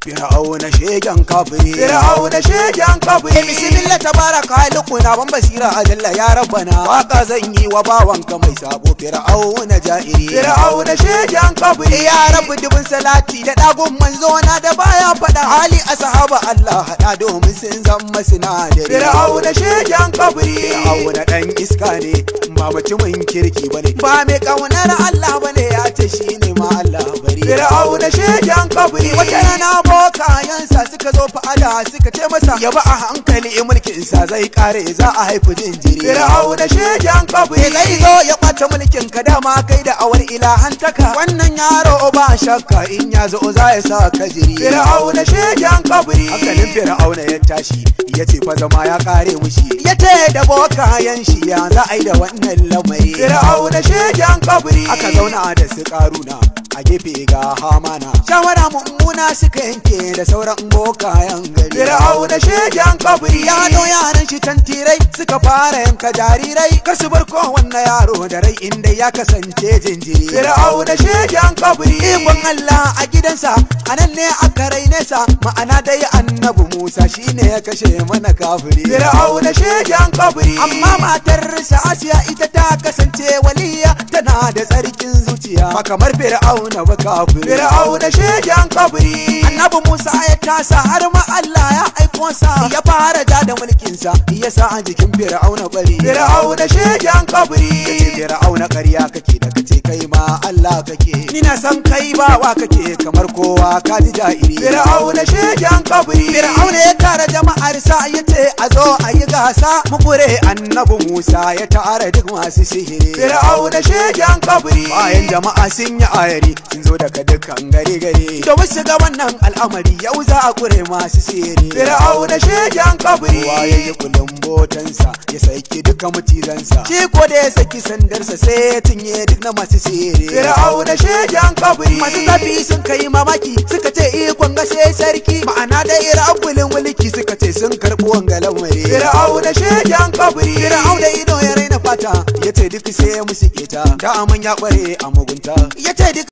Fir'auna shegen kafiri Fir'auna shegen kafiri Bismillah tabaraka Na ban basira ajalla ya rabbana waka zan yi wa bawanka mai sabo na ja'iri Fir'auna shegen kafiri ya rabu dubin salati da dagun manzo na da baya fada hali asahaba Allah hada domin sun zama sinadari Fir'auna shegen kafiri na dan iska ne ba mutumin kirki bane ba mai kaunar Allah bane ya ce shine ma Allah bari Fir'auna shegen kafiri wata ka zo ada suka ce masa ya ba a hankali mulkin sa zai kare za a haifi jinjiri shejan shegen kabri zai zo ya kwace mulkin ka dama kai da awar ilahantaka wannan yaro ba shakka in ya zo za ya sa ka jiri fir'auna shegen kabri hankalin auna ya tashi ya ce fa zama ya kare mushi ya ce da yan shi ya za a yi da wannan lamari auna shejan kabri aka zauna da su karuna a gefe ga hamana suka yanke da sauran bokayen gari Fir'auna shegen kabri ya no yaran shi can tirai suka fara yanka jarirai kar su bar kowanne yaro da rai inda ya kasance jinjiri Fir'auna shegen kabri ikon Allah a gidansa anan ne aka raine nesa ma'ana dai annabi Musa shine ya kashe mana kafiri Fir'auna shegen kabri amma matar sa Asiya ita ta kasance waliya da tsarkin zuciya ba kamar fir'auna ba kafiri fir'auna shegen kabri annabi musa ya tasa har ma allah ya aiko sa ya fara ja da mulkinsa ya sa a jikin fir'auna kwari fir'auna shegen kabri fir'auna ƙarya kake da kace kai Allah kake ni na san kai ba bawa kake kamar kowa ka ji ja'iri da shegen kabri fir'auna ya tara jama'ar sa ya a zo a yi gasa kure annabi Musa ya tara duk masu sihiri da shegen kabri bayan jama'a sun yi ayari sun zo daga dukkan gari gari domin shiga wannan al'amari yau za a kure masu sihiri da shegen kabri waye ya botan botansa ya saki duka mutizansa shi ko da ya saki sandarsa sai ya cinye duk na masu sihiri da shegen kabri masu tafi sun kai mamaki suka ce ikon eh, gashe sarki ma'ana da irabulin mulki suka ce sun karɓi wangalan mare da shegen kabri da ido ya raina fata yace duk sai musu keta da ya kware a mugunta yace duk